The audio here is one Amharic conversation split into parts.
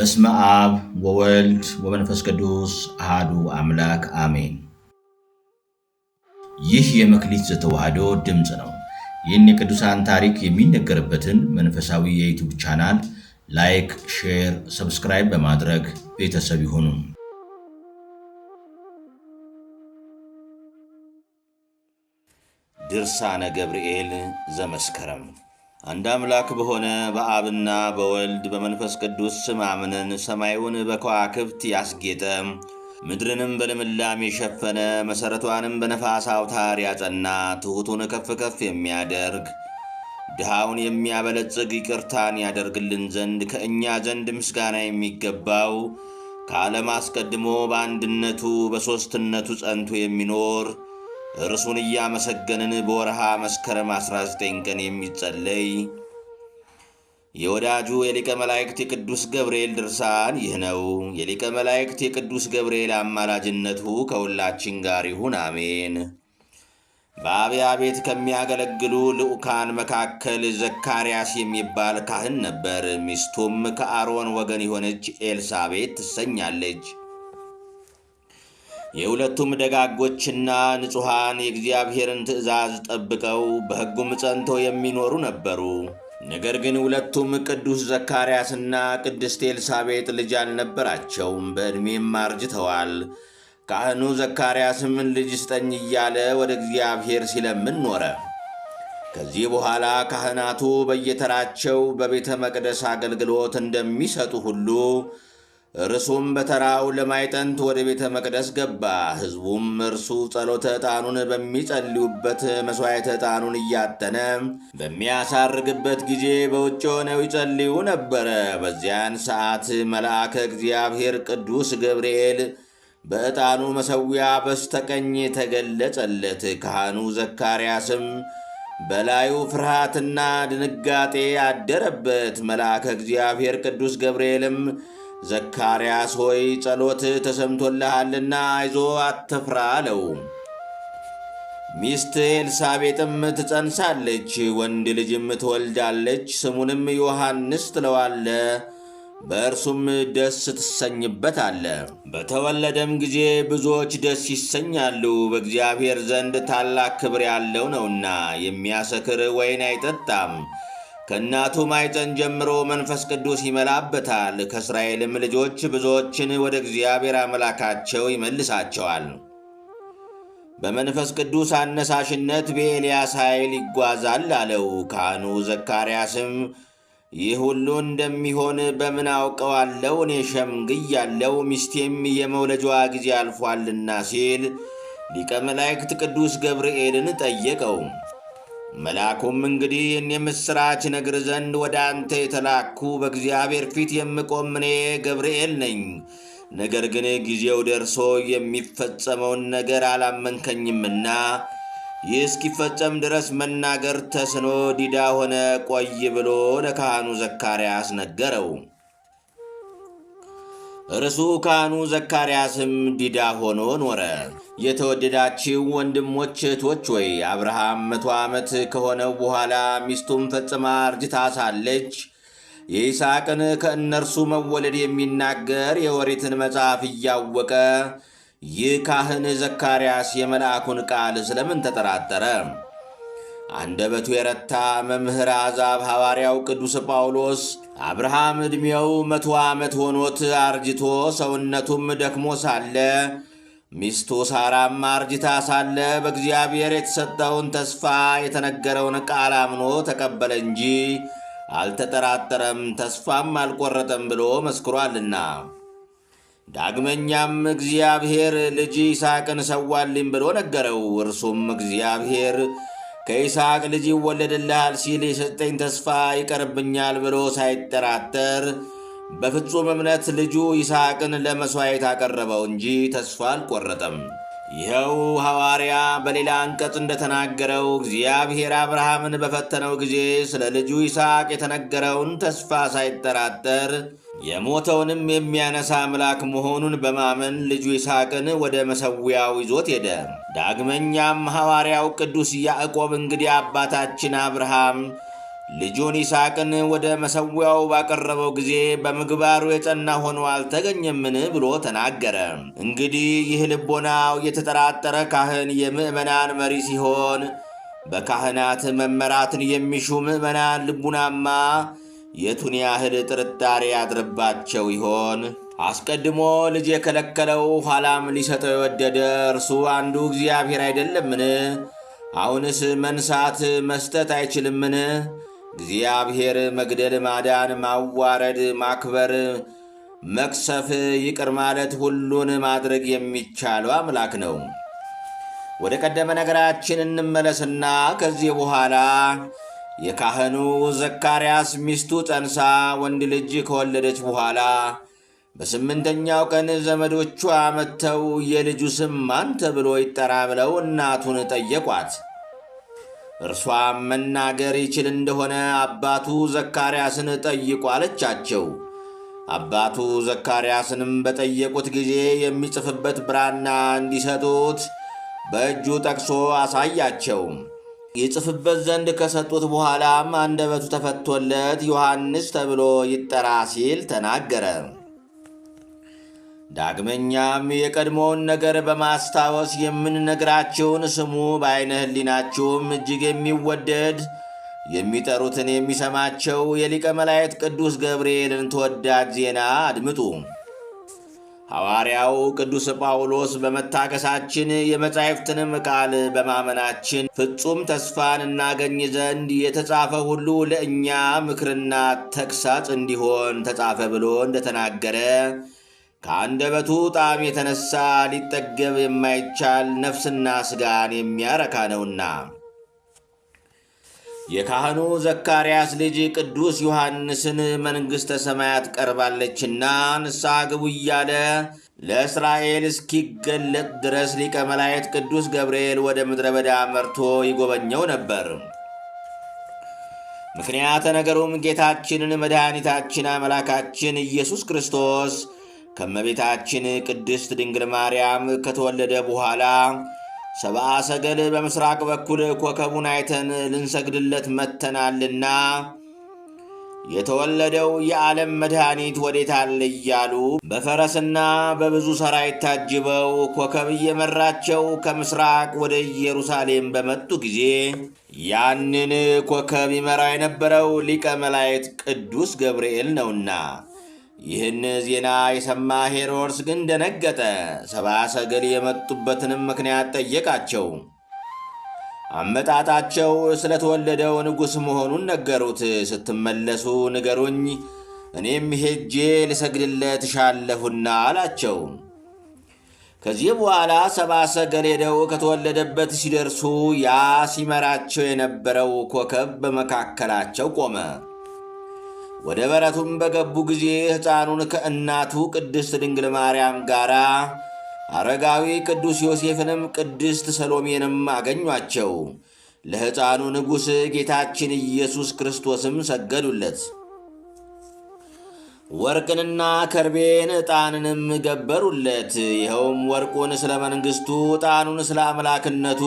በስመ አብ ወወልድ ወመንፈስ ቅዱስ አሃዱ አምላክ አሜን። ይህ የመክሊት ዘተዋህዶ ድምፅ ነው። ይህን የቅዱሳን ታሪክ የሚነገርበትን መንፈሳዊ የዩቱብ ቻናል ላይክ፣ ሼር፣ ሰብስክራይብ በማድረግ ቤተሰብ ይሁኑ። ድርሳነ ገብርኤል ዘመስከረም አንድ አምላክ በሆነ በአብና በወልድ በመንፈስ ቅዱስ ስም አምነን ሰማዩን በከዋክብት ያስጌጠ ምድርንም በልምላም የሸፈነ መሠረቷንም በነፋስ አውታር ያጸና ትሑቱን ከፍ ከፍ የሚያደርግ ድሃውን የሚያበለጽግ ይቅርታን ያደርግልን ዘንድ ከእኛ ዘንድ ምስጋና የሚገባው ከዓለም አስቀድሞ በአንድነቱ በሦስትነቱ ጸንቶ የሚኖር እርሱን እያመሰገንን በወርሃ መስከረም 19 ቀን የሚጸለይ የወዳጁ የሊቀ መላእክት የቅዱስ ገብርኤል ድርሳን ይህ ነው። የሊቀ መላእክት የቅዱስ ገብርኤል አማላጅነቱ ከሁላችን ጋር ይሁን፣ አሜን። በአብያ ቤት ከሚያገለግሉ ልዑካን መካከል ዘካርያስ የሚባል ካህን ነበር። ሚስቱም ከአሮን ወገን የሆነች ኤልሳቤት ትሰኛለች። የሁለቱም ደጋጎችና ንጹሐን የእግዚአብሔርን ትእዛዝ ጠብቀው በሕጉም ጸንተው የሚኖሩ ነበሩ። ነገር ግን ሁለቱም ቅዱስ ዘካርያስና ቅድስት ኤልሳቤጥ ልጅ አልነበራቸውም፣ በዕድሜም አርጅተዋል። ካህኑ ዘካርያስም ልጅ ስጠኝ እያለ ወደ እግዚአብሔር ሲለምን ኖረ። ከዚህ በኋላ ካህናቱ በየተራቸው በቤተ መቅደስ አገልግሎት እንደሚሰጡ ሁሉ እርሱም በተራው ለማይጠንት ወደ ቤተ መቅደስ ገባ። ሕዝቡም እርሱ ጸሎተ ዕጣኑን በሚጸልዩበት መሥዋዕተ ዕጣኑን እያተነ በሚያሳርግበት ጊዜ በውጭ ሆነው ይጸልዩ ነበረ። በዚያን ሰዓት መልአከ እግዚአብሔር ቅዱስ ገብርኤል በዕጣኑ መሠዊያ በስተቀኝ ተገለጸለት። ካህኑ ዘካርያስም በላዩ ፍርሃትና ድንጋጤ አደረበት። መልአከ እግዚአብሔር ቅዱስ ገብርኤልም ዘካርያስ ሆይ ጸሎትህ ተሰምቶልሃልና አይዞ አትፍራ አለው። ሚስት ኤልሳቤጥም ትጸንሳለች፣ ወንድ ልጅም ትወልዳለች፣ ስሙንም ዮሐንስ ትለዋለ። በእርሱም ደስ ትሰኝበት አለ። በተወለደም ጊዜ ብዙዎች ደስ ይሰኛሉ፣ በእግዚአብሔር ዘንድ ታላቅ ክብር ያለው ነውና። የሚያሰክር ወይን አይጠጣም ከእናቱ ማይፀን ጀምሮ መንፈስ ቅዱስ ይመላበታል። ከእስራኤልም ልጆች ብዙዎችን ወደ እግዚአብሔር አምላካቸው ይመልሳቸዋል። በመንፈስ ቅዱስ አነሳሽነት በኤልያስ ኃይል ይጓዛል አለው። ካህኑ ዘካርያስም ይህ ሁሉ እንደሚሆን በምን አውቀዋለው? እኔ ሸምግያለው፣ ሚስቴም የመውለጃዋ ጊዜ አልፏልና ሲል ሊቀ መላእክት ቅዱስ ገብርኤልን ጠየቀው። መልአኩም እንግዲህ እኔ የምሥራች ነግር ዘንድ ወደ አንተ የተላኩ በእግዚአብሔር ፊት የምቆም እኔ ገብርኤል ነኝ። ነገር ግን ጊዜው ደርሶ የሚፈጸመውን ነገር አላመንከኝምና ይህ እስኪፈጸም ድረስ መናገር ተስኖ ዲዳ ሆነ ቆይ ብሎ ለካህኑ ዘካርያስ ነገረው። እርሱ ካህኑ ዘካርያስም ዲዳ ሆኖ ኖረ። የተወደዳችው ወንድሞች እህቶች ወይ አብርሃም መቶ ዓመት ከሆነው በኋላ ሚስቱም ፈጽማ እርጅታ ሳለች የይስሐቅን ከእነርሱ መወለድ የሚናገር የወሬትን መጽሐፍ እያወቀ ይህ ካህን ዘካርያስ የመልአኩን ቃል ስለምን ተጠራጠረ? አንደበቱ የረታ መምህር አሕዛብ ሐዋርያው ቅዱስ ጳውሎስ አብርሃም ዕድሜው መቶ ዓመት ሆኖት አርጅቶ ሰውነቱም ደክሞ ሳለ ሚስቱ ሳራም አርጅታ ሳለ በእግዚአብሔር የተሰጠውን ተስፋ የተነገረውን ቃል አምኖ ተቀበለ እንጂ አልተጠራጠረም፣ ተስፋም አልቆረጠም ብሎ መስክሯልና። ዳግመኛም እግዚአብሔር ልጅ ይስሐቅን ሰዋልኝ ብሎ ነገረው። እርሱም እግዚአብሔር ከይስሐቅ ልጅ ይወለድልሃል ሲል የሰጠኝ ተስፋ ይቀርብኛል ብሎ ሳይጠራጠር በፍጹም እምነት ልጁ ይስሐቅን ለመሥዋዕት አቀረበው እንጂ ተስፋ አልቆረጠም። ይኸው ሐዋርያ በሌላ አንቀጽ እንደተናገረው እግዚአብሔር አብርሃምን በፈተነው ጊዜ ስለ ልጁ ይስሐቅ የተነገረውን ተስፋ ሳይጠራጠር የሞተውንም የሚያነሳ አምላክ መሆኑን በማመን ልጁ ይስሐቅን ወደ መሠዊያው ይዞት ሄደ። ዳግመኛም ሐዋርያው ቅዱስ ያዕቆብ እንግዲህ አባታችን አብርሃም ልጁን ይስሐቅን ወደ መሰዊያው ባቀረበው ጊዜ በምግባሩ የጸና ሆኖ አልተገኘምን ብሎ ተናገረ። እንግዲህ ይህ ልቦናው የተጠራጠረ ካህን የምዕመናን መሪ ሲሆን በካህናት መመራትን የሚሹ ምዕመናን ልቡናማ የቱን ያህል ጥርጣሬ ያድርባቸው ይሆን? አስቀድሞ ልጅ የከለከለው ኋላም ሊሰጠው የወደደ እርሱ አንዱ እግዚአብሔር አይደለምን? አሁንስ መንሳት መስጠት አይችልምን? እግዚአብሔር መግደል፣ ማዳን፣ ማዋረድ፣ ማክበር፣ መክሰፍ፣ ይቅር ማለት ሁሉን ማድረግ የሚቻለው አምላክ ነው። ወደ ቀደመ ነገራችን እንመለስና ከዚህ በኋላ የካህኑ ዘካርያስ ሚስቱ ጸንሳ ወንድ ልጅ ከወለደች በኋላ በስምንተኛው ቀን ዘመዶቿ መጥተው የልጁ ስም ማን ተብሎ ይጠራ ብለው እናቱን ጠየቋት። እርሷም መናገር ይችል እንደሆነ አባቱ ዘካርያስን ጠይቁ አለቻቸው። አባቱ ዘካርያስንም በጠየቁት ጊዜ የሚጽፍበት ብራና እንዲሰጡት በእጁ ጠቅሶ አሳያቸው። ይጽፍበት ዘንድ ከሰጡት በኋላም አንደበቱ ተፈቶለት ዮሐንስ ተብሎ ይጠራ ሲል ተናገረ። ዳግመኛም የቀድሞውን ነገር በማስታወስ የምንነግራችሁን ስሙ። በዓይነ ሕሊናችሁም እጅግ የሚወደድ የሚጠሩትን የሚሰማቸው የሊቀ መላእክት ቅዱስ ገብርኤልን ተወዳጅ ዜና አድምጡ። ሐዋርያው ቅዱስ ጳውሎስ በመታገሳችን የመጻሕፍትንም ቃል በማመናችን ፍጹም ተስፋን እናገኝ ዘንድ የተጻፈ ሁሉ ለእኛ ምክርና ተግሳጽ እንዲሆን ተጻፈ ብሎ እንደተናገረ ከአንደበቱ ጣዕም የተነሳ ሊጠገብ የማይቻል ነፍስና ሥጋን የሚያረካ ነውና። የካህኑ ዘካርያስ ልጅ ቅዱስ ዮሐንስን መንግሥተ ሰማያት ቀርባለችና ንስሐ ግቡ እያለ ለእስራኤል እስኪገለጥ ድረስ ሊቀ መላእክት ቅዱስ ገብርኤል ወደ ምድረ በዳ መርቶ ይጎበኘው ነበር። ምክንያተ ነገሩም ጌታችንን መድኃኒታችን አምላካችን ኢየሱስ ክርስቶስ ከመቤታችን ቅድስት ድንግል ማርያም ከተወለደ በኋላ ሰብአ ሰገል በምሥራቅ በኩል ኮከቡን አይተን ልንሰግድለት መጥተናልና የተወለደው የዓለም መድኃኒት ወዴት አለ እያሉ በፈረስና በብዙ ሰራዊት ታጅበው ኮከብ እየመራቸው ከምሥራቅ ወደ ኢየሩሳሌም በመጡ ጊዜ ያንን ኮከብ ይመራ የነበረው ሊቀ መላእክት ቅዱስ ገብርኤል ነውና ይህን ዜና የሰማ ሄሮድስ ግን ደነገጠ። ሰብአ ሰገል የመጡበትንም ምክንያት ጠየቃቸው። አመጣጣቸው ስለተወለደው ንጉሥ መሆኑን ነገሩት። ስትመለሱ ንገሩኝ፣ እኔም ሄጄ ልሰግድለት እሻለሁና አላቸው። ከዚህ በኋላ ሰብአ ሰገል ሄደው ከተወለደበት ሲደርሱ ያ ሲመራቸው የነበረው ኮከብ በመካከላቸው ቆመ። ወደ በረቱም በገቡ ጊዜ ሕፃኑን ከእናቱ ቅድስት ድንግል ማርያም ጋር አረጋዊ ቅዱስ ዮሴፍንም ቅድስት ሰሎሜንም አገኟቸው። ለሕፃኑ ንጉሥ ጌታችን ኢየሱስ ክርስቶስም ሰገዱለት። ወርቅንና ከርቤን ዕጣንንም ገበሩለት። ይኸውም ወርቁን ስለ መንግሥቱ፣ ዕጣኑን ስለ አምላክነቱ፣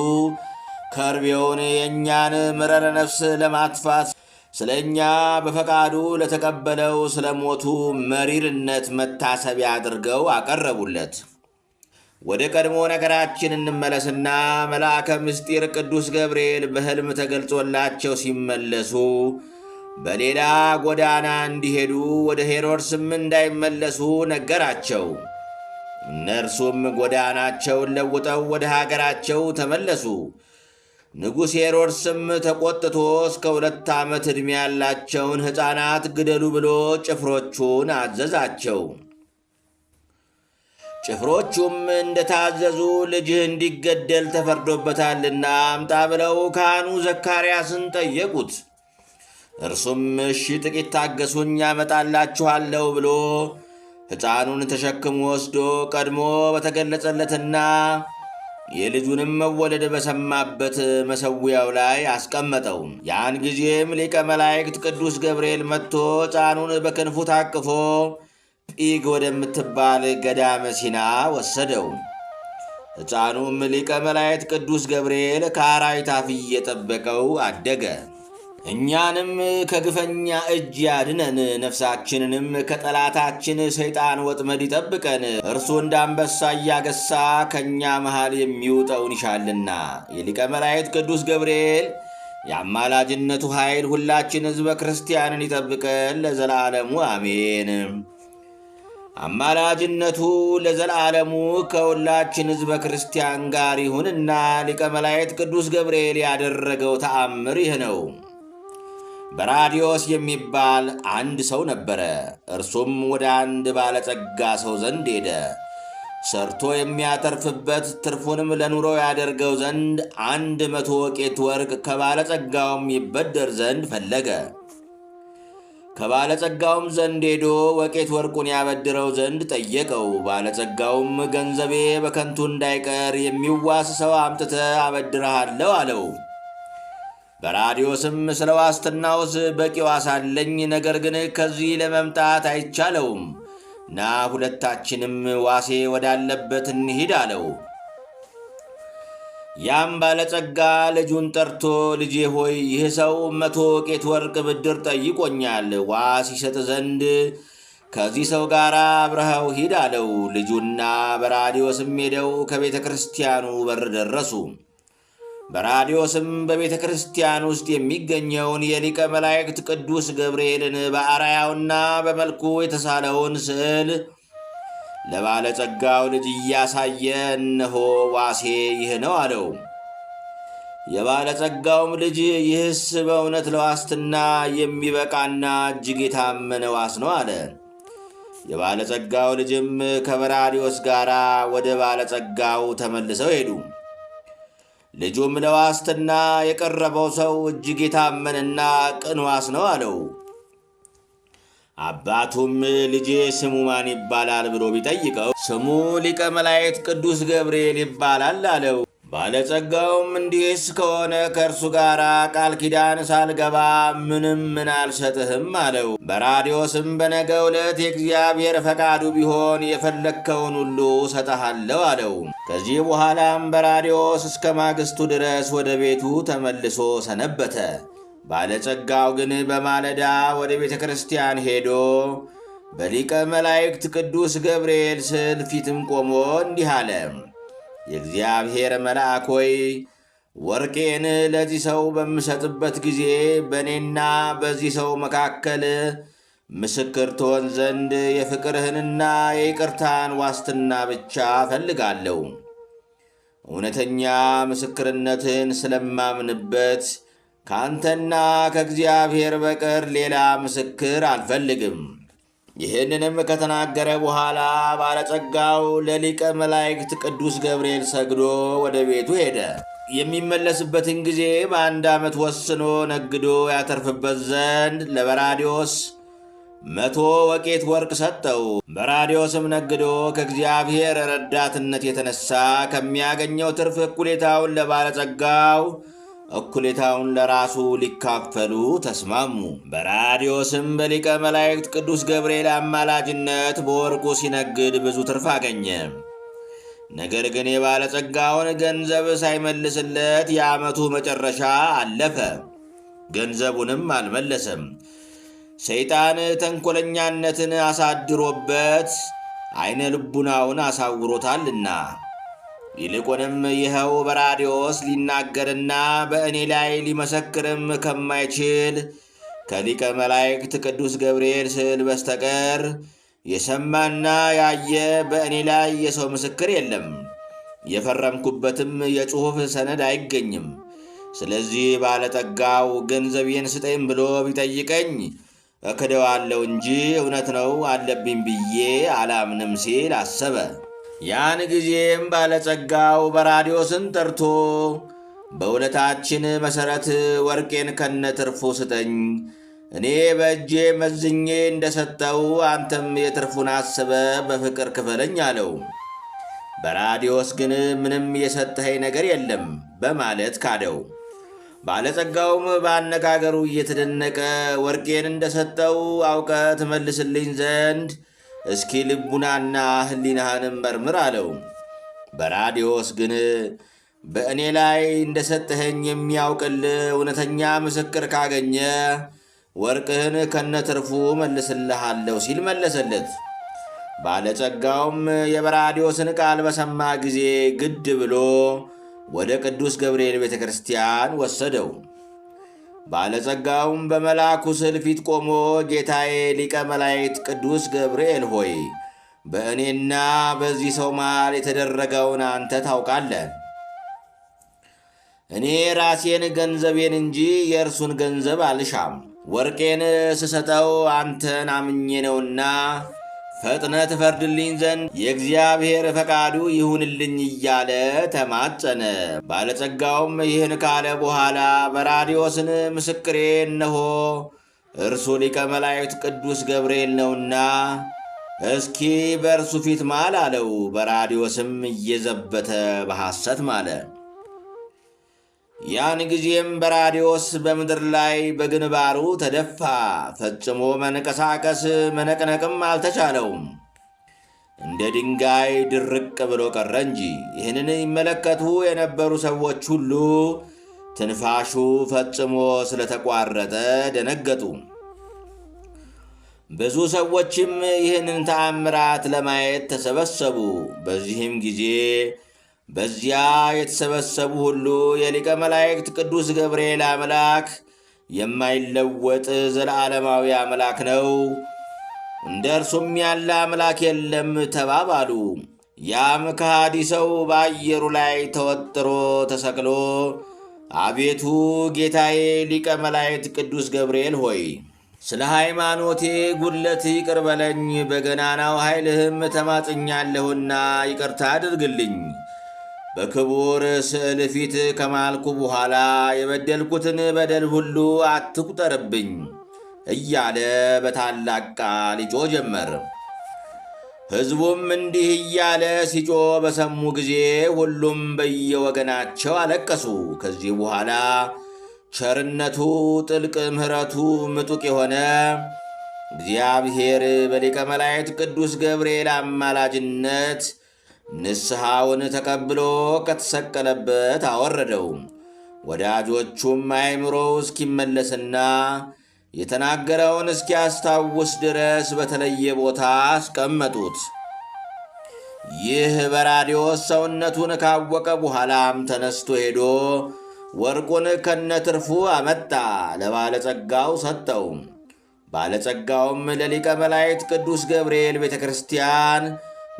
ከርቤውን የእኛን ምረረ ነፍስ ለማጥፋት ስለ እኛ በፈቃዱ ለተቀበለው ስለ ሞቱ መሪርነት መታሰቢያ አድርገው አቀረቡለት። ወደ ቀድሞ ነገራችን እንመለስና መልአከ ምስጢር ቅዱስ ገብርኤል በሕልም ተገልጾላቸው ሲመለሱ በሌላ ጎዳና እንዲሄዱ ወደ ሄሮድስም እንዳይመለሱ ነገራቸው። እነርሱም ጎዳናቸውን ለውጠው ወደ ሀገራቸው ተመለሱ። ንጉሥ ሄሮድስም ተቆጥቶ እስከ ሁለት ዓመት ዕድሜ ያላቸውን ሕፃናት ግደሉ ብሎ ጭፍሮቹን አዘዛቸው። ጭፍሮቹም እንደታዘዙ ልጅህ እንዲገደል ተፈርዶበታልና አምጣ ብለው ካህኑ ዘካርያስን ጠየቁት። እርሱም እሺ ጥቂት ታገሱኝ ያመጣላችኋለሁ ብሎ ሕፃኑን ተሸክሞ ወስዶ ቀድሞ በተገለጸለትና የልጁንም መወለድ በሰማበት መሰዊያው ላይ አስቀመጠው። ያን ጊዜም ሊቀ መላእክት ቅዱስ ገብርኤል መጥቶ ሕፃኑን በክንፉ ታቅፎ ጲግ ወደምትባል ገዳመ ሲና ወሰደው። ሕፃኑም ሊቀ መላእክት ቅዱስ ገብርኤል ከአራዊት አፍ እየጠበቀው አደገ። እኛንም ከግፈኛ እጅ ያድነን፣ ነፍሳችንንም ከጠላታችን ሰይጣን ወጥመድ ይጠብቀን። እርሱ እንደ አንበሳ እያገሳ ከእኛ መሃል የሚውጠውን ይሻልና። የሊቀ መላእክት ቅዱስ ገብርኤል የአማላጅነቱ ኃይል ሁላችን ሕዝበ ክርስቲያንን ይጠብቀን ለዘላለሙ አሜን። አማላጅነቱ ለዘላለሙ ከሁላችን ሕዝበ ክርስቲያን ጋር ይሁንና ሊቀ መላእክት ቅዱስ ገብርኤል ያደረገው ተአምር ይህ ነው። በራዲዮስ የሚባል አንድ ሰው ነበረ። እርሱም ወደ አንድ ባለጸጋ ሰው ዘንድ ሄደ። ሰርቶ የሚያተርፍበት ትርፉንም ለኑሮ ያደርገው ዘንድ አንድ መቶ ወቄት ወርቅ ከባለጸጋውም ይበደር ዘንድ ፈለገ። ከባለጸጋውም ዘንድ ሄዶ ወቄት ወርቁን ያበድረው ዘንድ ጠየቀው። ባለጸጋውም ገንዘቤ በከንቱ እንዳይቀር የሚዋስ ሰው አምጥተ አበድረሃለው አለው። በራዲዮስም ስለ ዋስትናውስ በቂ ዋሳለኝ፣ ነገር ግን ከዚህ ለመምጣት አይቻለውም ና ሁለታችንም ዋሴ ወዳለበት እንሂድ አለው። ያም ባለጸጋ ልጁን ጠርቶ ልጄ ሆይ ይህ ሰው መቶ ቄት ወርቅ ብድር ጠይቆኛል፣ ዋስ ይሰጥ ዘንድ ከዚህ ሰው ጋር አብረኸው ሂድ አለው። ልጁና በራዲዮስም ሄደው ከቤተ ክርስቲያኑ በር ደረሱ። በራዲዮስም በቤተ ክርስቲያን ውስጥ የሚገኘውን የሊቀ መላእክት ቅዱስ ገብርኤልን በአራያውና በመልኩ የተሳለውን ስዕል ለባለጸጋው ልጅ እያሳየ እነሆ ዋሴ ይህ ነው አለው። የባለጸጋውም ልጅ ይህስ በእውነት ለዋስትና የሚበቃና እጅግ የታመነ ዋስ ነው አለ። የባለጸጋው ልጅም ከበራዲዮስ ጋር ወደ ባለጸጋው ተመልሰው ሄዱ። ልጁም ለዋስትና የቀረበው ሰው እጅግ የታመንና ቅንዋስ ነው አለው። አባቱም ልጄ ስሙ ማን ይባላል ብሎ ቢጠይቀው ስሙ ሊቀ መላእክት ቅዱስ ገብርኤል ይባላል አለው። ባለጸጋውም እንዲህስ ከሆነ ከእርሱ ጋር ቃል ኪዳን ሳልገባ ምንም ምን አልሰጥህም አለው። በራዲዮስም በነገ ዕለት የእግዚአብሔር ፈቃዱ ቢሆን የፈለግከውን ሁሉ እሰጠሃለሁ አለው። ከዚህ በኋላም በራዲዮስ እስከ ማግስቱ ድረስ ወደ ቤቱ ተመልሶ ሰነበተ። ባለጸጋው ግን በማለዳ ወደ ቤተ ክርስቲያን ሄዶ በሊቀ መላእክት ቅዱስ ገብርኤል ስዕል ፊትም ቆሞ እንዲህ አለ። የእግዚአብሔር መልአክ ሆይ ወርቄን ለዚህ ሰው በምሰጥበት ጊዜ በእኔና በዚህ ሰው መካከል ምስክር ትሆን ዘንድ የፍቅርህንና የይቅርታን ዋስትና ብቻ እፈልጋለሁ። እውነተኛ ምስክርነትን ስለማምንበት ከአንተና ከእግዚአብሔር በቀር ሌላ ምስክር አልፈልግም። ይህንንም ከተናገረ በኋላ ባለጸጋው ለሊቀ መላእክት ቅዱስ ገብርኤል ሰግዶ ወደ ቤቱ ሄደ። የሚመለስበትን ጊዜ በአንድ ዓመት ወስኖ ነግዶ ያተርፍበት ዘንድ ለበራዲዮስ መቶ ወቄት ወርቅ ሰጠው። በራዲዮስም ነግዶ ከእግዚአብሔር ረዳትነት የተነሳ ከሚያገኘው ትርፍ እኩሌታውን ለባለጸጋው እኩሌታውን ለራሱ ሊካፈሉ ተስማሙ። በራዲዮስም በሊቀ መላእክት ቅዱስ ገብርኤል አማላጅነት በወርቁ ሲነግድ ብዙ ትርፍ አገኘ። ነገር ግን የባለጸጋውን ገንዘብ ሳይመልስለት የዓመቱ መጨረሻ አለፈ። ገንዘቡንም አልመለሰም። ሰይጣን ተንኮለኛነትን አሳድሮበት አይነ ልቡናውን አሳውሮታልና ይልቁንም ይኸው በራዲዮስ ሊናገርና በእኔ ላይ ሊመሰክርም ከማይችል ከሊቀ መላእክት ቅዱስ ገብርኤል ስዕል በስተቀር የሰማና ያየ በእኔ ላይ የሰው ምስክር የለም። የፈረምኩበትም የጽሑፍ ሰነድ አይገኝም። ስለዚህ ባለጠጋው ገንዘቤን ስጠኝ ብሎ ቢጠይቀኝ እክደዋለሁ እንጂ እውነት ነው አለብኝ ብዬ አላምንም ሲል አሰበ። ያን ጊዜም ባለጸጋው በራዲዮስን ጠርቶ በውለታችን መሠረት ወርቄን ከነ ትርፉ ስጠኝ፣ እኔ በእጄ መዝኜ እንደሰጠው አንተም የትርፉን አስበ በፍቅር ክፈለኝ አለው። በራዲዮስ ግን ምንም የሰጠኸኝ ነገር የለም በማለት ካደው። ባለጸጋውም በአነጋገሩ እየተደነቀ ወርቄን እንደሰጠው አውቀ ትመልስልኝ ዘንድ እስኪ ልቡናና ሕሊናህንም መርምር አለው። በራዲዮስ ግን በእኔ ላይ እንደሰጥህኝ የሚያውቅል እውነተኛ ምስክር ካገኘ ወርቅህን ከነትርፉ መልስልሃለሁ ሲል መለሰለት። ባለጸጋውም የበራዲዮስን ቃል በሰማ ጊዜ ግድ ብሎ ወደ ቅዱስ ገብርኤል ቤተ ክርስቲያን ወሰደው። ባለጸጋውም በመልአኩ ስዕል ፊት ቆሞ ጌታዬ ሊቀ መላእክት ቅዱስ ገብርኤል ሆይ በእኔና በዚህ ሰው መሃል የተደረገውን አንተ ታውቃለህ። እኔ ራሴን ገንዘቤን እንጂ የእርሱን ገንዘብ አልሻም። ወርቄን ስሰጠው አንተን አምኜ ነውና ፈጥነ ትፈርድልኝ ዘንድ የእግዚአብሔር ፈቃዱ ይሁንልኝ እያለ ተማጸነ። ባለጸጋውም ይህን ካለ በኋላ በራዲዮስን ምስክሬ እነሆ እርሱ ሊቀ መላእክት ቅዱስ ገብርኤል ነውና እስኪ በእርሱ ፊት ማል አለው። በራዲዮስም እየዘበተ በሐሰት ማለ። ያን ጊዜም በራዲዮስ በምድር ላይ በግንባሩ ተደፋ። ፈጽሞ መንቀሳቀስ መነቅነቅም አልተቻለውም። እንደ ድንጋይ ድርቅ ብሎ ቀረ እንጂ ይህንን ይመለከቱ የነበሩ ሰዎች ሁሉ ትንፋሹ ፈጽሞ ስለተቋረጠ ደነገጡ። ብዙ ሰዎችም ይህንን ተአምራት ለማየት ተሰበሰቡ። በዚህም ጊዜ በዚያ የተሰበሰቡ ሁሉ የሊቀ መላእክት ቅዱስ ገብርኤል አምላክ የማይለወጥ ዘለዓለማዊ አምላክ ነው፣ እንደ እርሱም ያለ አምላክ የለም ተባባሉ። ያም ከሃዲ ሰው በአየሩ ላይ ተወጥሮ ተሰቅሎ አቤቱ ጌታዬ ሊቀ መላእክት ቅዱስ ገብርኤል ሆይ ስለ ሃይማኖቴ ጉድለት ይቅር በለኝ፣ በገናናው ኃይልህም ተማጽኛለሁና ይቅርታ አድርግልኝ በክቡር ስዕል ፊት ከማልኩ በኋላ የበደልኩትን በደል ሁሉ አትቁጠርብኝ እያለ በታላቅ ቃል ይጮ ጀመር። ሕዝቡም እንዲህ እያለ ሲጮ በሰሙ ጊዜ ሁሉም በየወገናቸው አለቀሱ። ከዚህ በኋላ ቸርነቱ ጥልቅ ምሕረቱ ምጡቅ የሆነ እግዚአብሔር በሊቀ መላእክት ቅዱስ ገብርኤል አማላጅነት ንስሐውን ተቀብሎ ከተሰቀለበት አወረደው። ወዳጆቹም አይምሮው እስኪመለስና የተናገረውን እስኪያስታውስ ድረስ በተለየ ቦታ አስቀመጡት። ይህ በራዲዮስ ሰውነቱን ካወቀ በኋላም ተነስቶ ሄዶ ወርቁን ከነትርፉ አመጣ፣ ለባለጸጋው ሰጠው። ባለጸጋውም ለሊቀ መላእክት ቅዱስ ገብርኤል ቤተ ክርስቲያን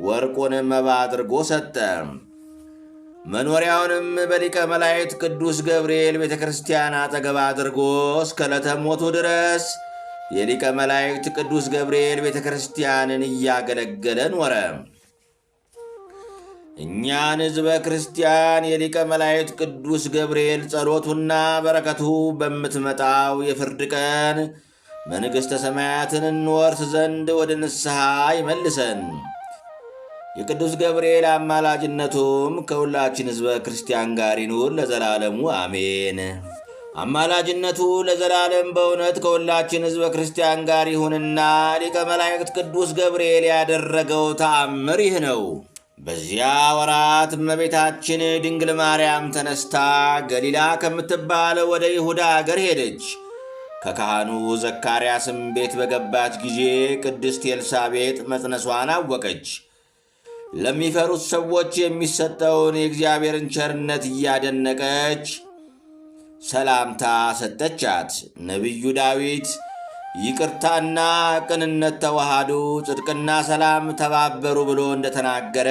ወርቁንም መባ አድርጎ ሰጠ። መኖሪያውንም በሊቀ መላእክት ቅዱስ ገብርኤል ቤተ ክርስቲያን አጠገብ አድርጎ እስከ ዕለተ ሞቱ ድረስ የሊቀ መላእክት ቅዱስ ገብርኤል ቤተ ክርስቲያንን እያገለገለ ኖረ። እኛን ሕዝበ ክርስቲያን የሊቀ መላእክት ቅዱስ ገብርኤል ጸሎቱና በረከቱ በምትመጣው የፍርድ ቀን መንግሥተ ሰማያትን እንወርስ ዘንድ ወደ ንስሐ ይመልሰን። የቅዱስ ገብርኤል አማላጅነቱም ከሁላችን ሕዝበ ክርስቲያን ጋር ይኑር ለዘላለሙ አሜን። አማላጅነቱ ለዘላለም በእውነት ከሁላችን ሕዝበ ክርስቲያን ጋር ይሁንና ሊቀ መላእክት ቅዱስ ገብርኤል ያደረገው ተአምር ይህ ነው። በዚያ ወራት እመቤታችን ድንግል ማርያም ተነስታ ገሊላ ከምትባለ ወደ ይሁዳ አገር ሄደች። ከካህኑ ዘካርያስም ቤት በገባች ጊዜ ቅድስት ኤልሳቤጥ መጽነሷን አወቀች። ለሚፈሩት ሰዎች የሚሰጠውን የእግዚአብሔርን ቸርነት እያደነቀች ሰላምታ ሰጠቻት። ነቢዩ ዳዊት ይቅርታና ቅንነት ተዋሃዱ፣ ጽድቅና ሰላም ተባበሩ ብሎ እንደተናገረ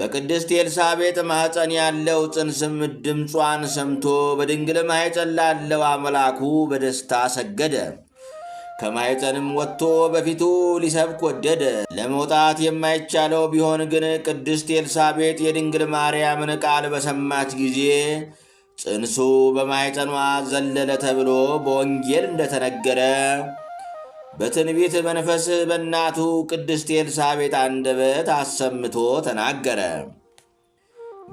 በቅድስት ኤልሳቤጥ ማኅፀን ያለው ጽንስም ድምጿን ሰምቶ በድንግል ማኅፀን ላለው አምላኩ በደስታ ሰገደ። ከማይጠንም ወጥቶ በፊቱ ሊሰብክ ወደደ። ለመውጣት የማይቻለው ቢሆን ግን ቅድስት ኤልሳቤጥ የድንግል ማርያምን ቃል በሰማች ጊዜ ጽንሱ በማይጠኗ ዘለለ ተብሎ በወንጌል እንደተነገረ በትንቢት መንፈስ በእናቱ ቅድስት ኤልሳቤጥ አንደበት አሰምቶ ተናገረ።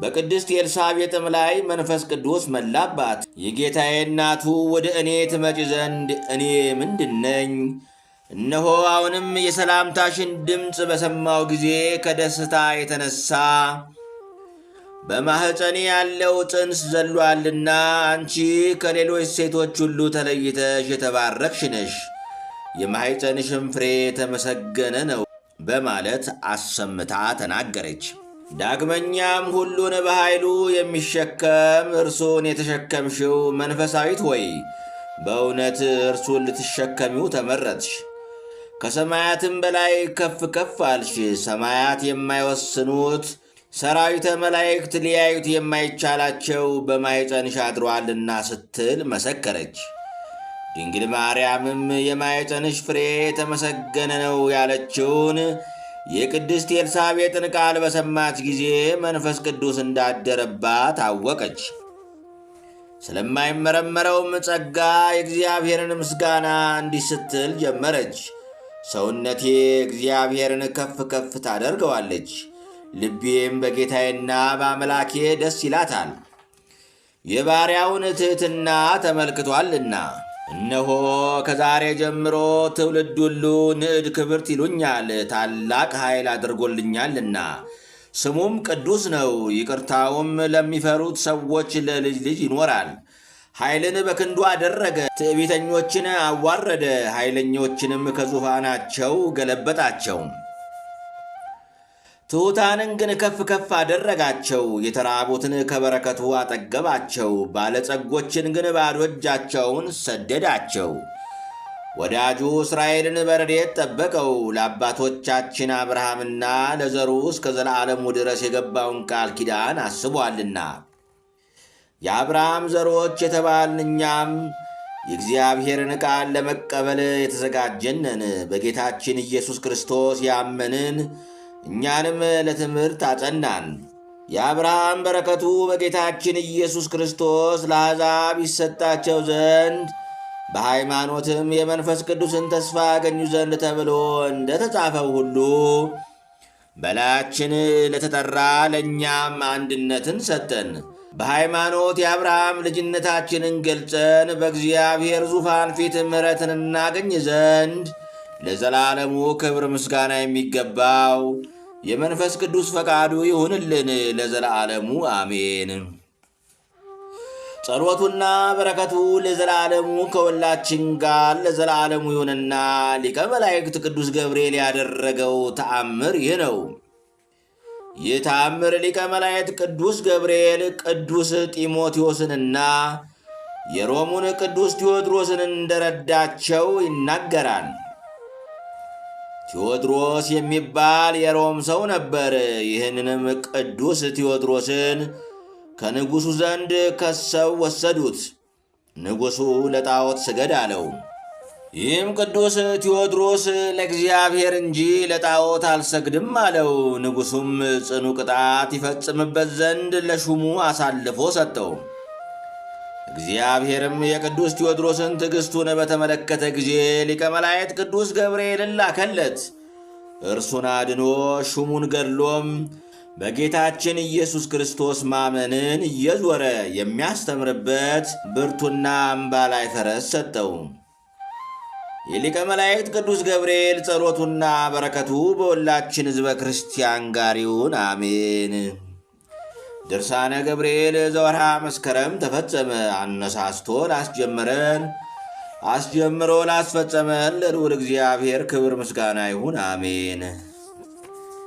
በቅድስት ኤልሳቤጥም ላይ መንፈስ ቅዱስ መላባት። የጌታዬ እናቱ ወደ እኔ ትመጪ ዘንድ እኔ ምንድነኝ! እነሆ አሁንም የሰላምታሽን ድምፅ በሰማው ጊዜ ከደስታ የተነሳ በማኅፀኔ ያለው ጽንስ ዘሏልና አንቺ ከሌሎች ሴቶች ሁሉ ተለይተሽ የተባረክሽ ነሽ፣ የማኅፀንሽም ፍሬ የተመሰገነ ነው በማለት አሰምታ ተናገረች። ዳግመኛም ሁሉን በኃይሉ የሚሸከም እርሱን የተሸከምሽው መንፈሳዊት ሆይ በእውነት እርሱን ልትሸከሚው ተመረጥሽ። ከሰማያትም በላይ ከፍ ከፍ አልሽ። ሰማያት የማይወስኑት ሰራዊተ መላእክት ሊያዩት የማይቻላቸው በማኅፀንሽ አድሯልና ስትል መሰከረች። ድንግል ማርያምም የማኅፀንሽ ፍሬ የተመሰገነ ነው ያለችውን የቅድስት ኤልሳቤጥን ቃል በሰማች ጊዜ መንፈስ ቅዱስ እንዳደረባት አወቀች። ስለማይመረመረውም ጸጋ የእግዚአብሔርን ምስጋና እንዲህ ስትል ጀመረች። ሰውነቴ እግዚአብሔርን ከፍ ከፍ ታደርገዋለች፣ ልቤም በጌታዬና በአምላኬ ደስ ይላታል፣ የባሪያውን ትሕትና ተመልክቷልና። እነሆ ከዛሬ ጀምሮ ትውልድ ሁሉ ንዕድ ክብርት ይሉኛል፣ ታላቅ ኃይል አድርጎልኛልና። ስሙም ቅዱስ ነው፣ ይቅርታውም ለሚፈሩት ሰዎች ለልጅ ልጅ ይኖራል። ኃይልን በክንዱ አደረገ፣ ትዕቢተኞችን አዋረደ፣ ኃይለኞችንም ከዙፋናቸው ገለበጣቸው። ትሑታንን ግን ከፍ ከፍ አደረጋቸው፣ የተራቡትን ከበረከቱ አጠገባቸው፣ ባለጸጎችን ግን ባዶ እጃቸውን ሰደዳቸው። ወዳጁ እስራኤልን በረድኤት ጠበቀው፣ ለአባቶቻችን አብርሃምና ለዘሩ እስከ ዘላለሙ ድረስ የገባውን ቃል ኪዳን አስቧልና የአብርሃም ዘሮች የተባልን እኛም የእግዚአብሔርን ቃል ለመቀበል የተዘጋጀንን በጌታችን ኢየሱስ ክርስቶስ ያመንን እኛንም ለትምህርት አጸናን። የአብርሃም በረከቱ በጌታችን ኢየሱስ ክርስቶስ ለአሕዛብ ይሰጣቸው ዘንድ በሃይማኖትም የመንፈስ ቅዱስን ተስፋ ያገኙ ዘንድ ተብሎ እንደ ተጻፈው ሁሉ በላያችን ለተጠራ ለእኛም አንድነትን ሰጠን። በሃይማኖት የአብርሃም ልጅነታችንን ገልጸን በእግዚአብሔር ዙፋን ፊት ምሕረትን እናገኝ ዘንድ ለዘላለሙ ክብር ምስጋና የሚገባው የመንፈስ ቅዱስ ፈቃዱ ይሁንልን ለዘላለሙ አሜን። ጸሎቱና በረከቱ ለዘላለሙ ከሁላችን ጋር ለዘላለሙ ይሁንና ሊቀ መላእክት ቅዱስ ገብርኤል ያደረገው ተአምር ይህ ነው። ይህ ተአምር ሊቀ መላእክት ቅዱስ ገብርኤል ቅዱስ ጢሞቴዎስንና የሮሙን ቅዱስ ቴዎድሮስን እንደረዳቸው ይናገራል። ቴዎድሮስ የሚባል የሮም ሰው ነበር። ይህንንም ቅዱስ ቴዎድሮስን ከንጉሡ ዘንድ ከሰው ወሰዱት። ንጉሡ ለጣዖት ስገድ አለው። ይህም ቅዱስ ቴዎድሮስ ለእግዚአብሔር እንጂ ለጣዖት አልሰግድም አለው። ንጉሡም ጽኑ ቅጣት ይፈጽምበት ዘንድ ለሹሙ አሳልፎ ሰጠው። እግዚአብሔርም የቅዱስ ቴዎድሮስን ትዕግሥቱን በተመለከተ ጊዜ ሊቀ መላእክት ቅዱስ ገብርኤልን ላከለት። እርሱን አድኖ ሹሙን ገድሎም በጌታችን ኢየሱስ ክርስቶስ ማመንን እየዞረ የሚያስተምርበት ብርቱና አምባ ላይ ፈረስ ሰጠው። የሊቀ መላእክት ቅዱስ ገብርኤል ጸሎቱና በረከቱ በሁላችን ሕዝበ ክርስቲያን ጋር ይሁን፣ አሜን። ድርሳነ ገብርኤል ዘወርሃ መስከረም ተፈጸመ። አነሳስቶ ላስጀመረን አስጀምሮ ላስፈጸመን ለልዑል እግዚአብሔር ክብር ምስጋና ይሁን፣ አሜን።